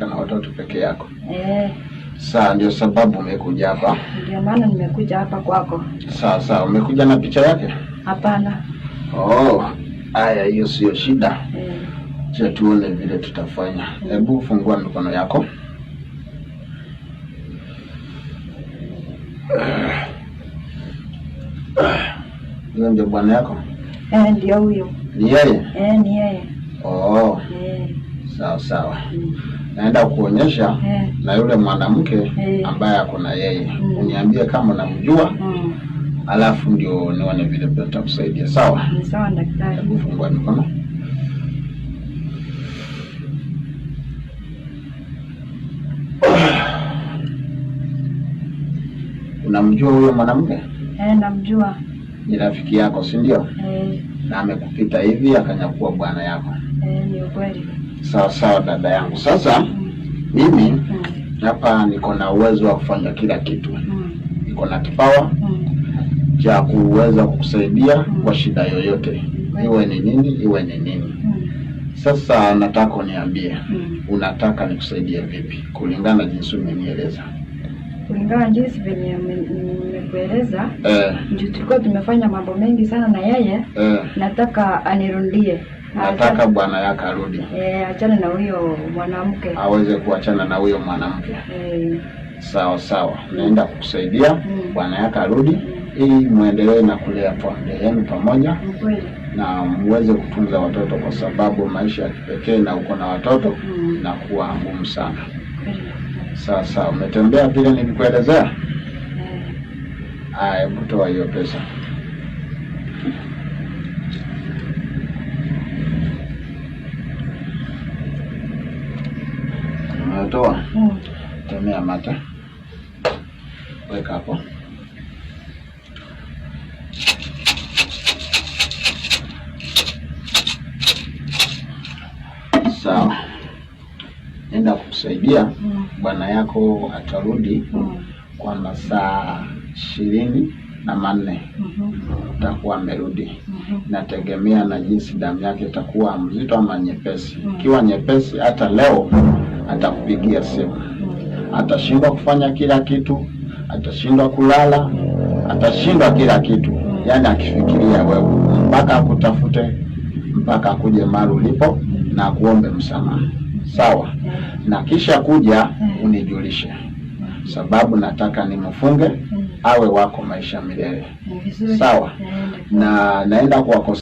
kuhangaika na watoto peke yako eh. Saa ndio sababu umekuja hapa? Ndio maana nimekuja hapa kwako. Sawa sawa, umekuja na picha yake? Hapana. Oh, haya, hiyo siyo shida eh. Cha tuone vile tutafanya. Hebu eh, fungua mikono yako Huyo ndio bwana yako? Eh, ndio huyo. Ni yeye? Eh, ni yeye. Oh. Eh. Sawa sawa. Mm naenda kuonyesha yeah. na yule mwanamke yeah. ambaye ako na yeye mm. uniambie kama unamjua mm. alafu ndio nione vile nitakusaidia. Sawa, sawa daktari. Hebu fungua mikono. Unamjua huyo mwanamke? Eh, namjua. Ni rafiki yako, si ndio? Eh. na amekupita hivi akanyakua bwana yako? Eh, ni ukweli. Sawa sawa, dada yangu. Sasa mimi mm. hapa niko na uwezo wa kufanya kila kitu, mm. niko na kipawa mm. cha kuweza kukusaidia kwa shida yoyote, iwe ni nini, iwe ni nini. Sasa nataka uniambie, unataka nikusaidie vipi, kulingana jinsi umenieleza kulingana jinsi venye nimekueleza eh, ndio tulikuwa tumefanya mambo mengi sana na yeye eh, nataka anirundie nataka bwana yake arudi, eh, achane na huyo mwanamke, aweze kuachana na huyo mwanamke eh. Sawa sawa, naenda kukusaidia mm. Bwana yake arudi mm. ili muendelee na kulea familia yenu pamoja na muweze kutunza watoto, kwa sababu maisha ya kipekee na uko na watoto mm. na kuwa ngumu sana mm. Sawa sawa, umetembea vile nilikuelezea. Eh. Haya, hebu toa hiyo pesa. Umetoa mm. Temea mata, weka hapo sawa. Nenda kukusaidia mm. Bwana yako atarudi mm. kwa masaa ishirini na manne utakuwa mm-hmm. mm -hmm. amerudi mm -hmm. Inategemea na jinsi damu yake itakuwa mzito ama nyepesi. Mm. Ikiwa mm. nyepesi, hata leo atakupigia simu. Atashindwa kufanya kila kitu, atashindwa kulala, atashindwa kila kitu, yaani akifikiria wewe, mpaka akutafute, mpaka akuje mahali ulipo na akuombe msamaha, sawa? Na kisha kuja unijulishe, sababu nataka nimfunge awe wako maisha milele, sawa? Na naenda kuwakosa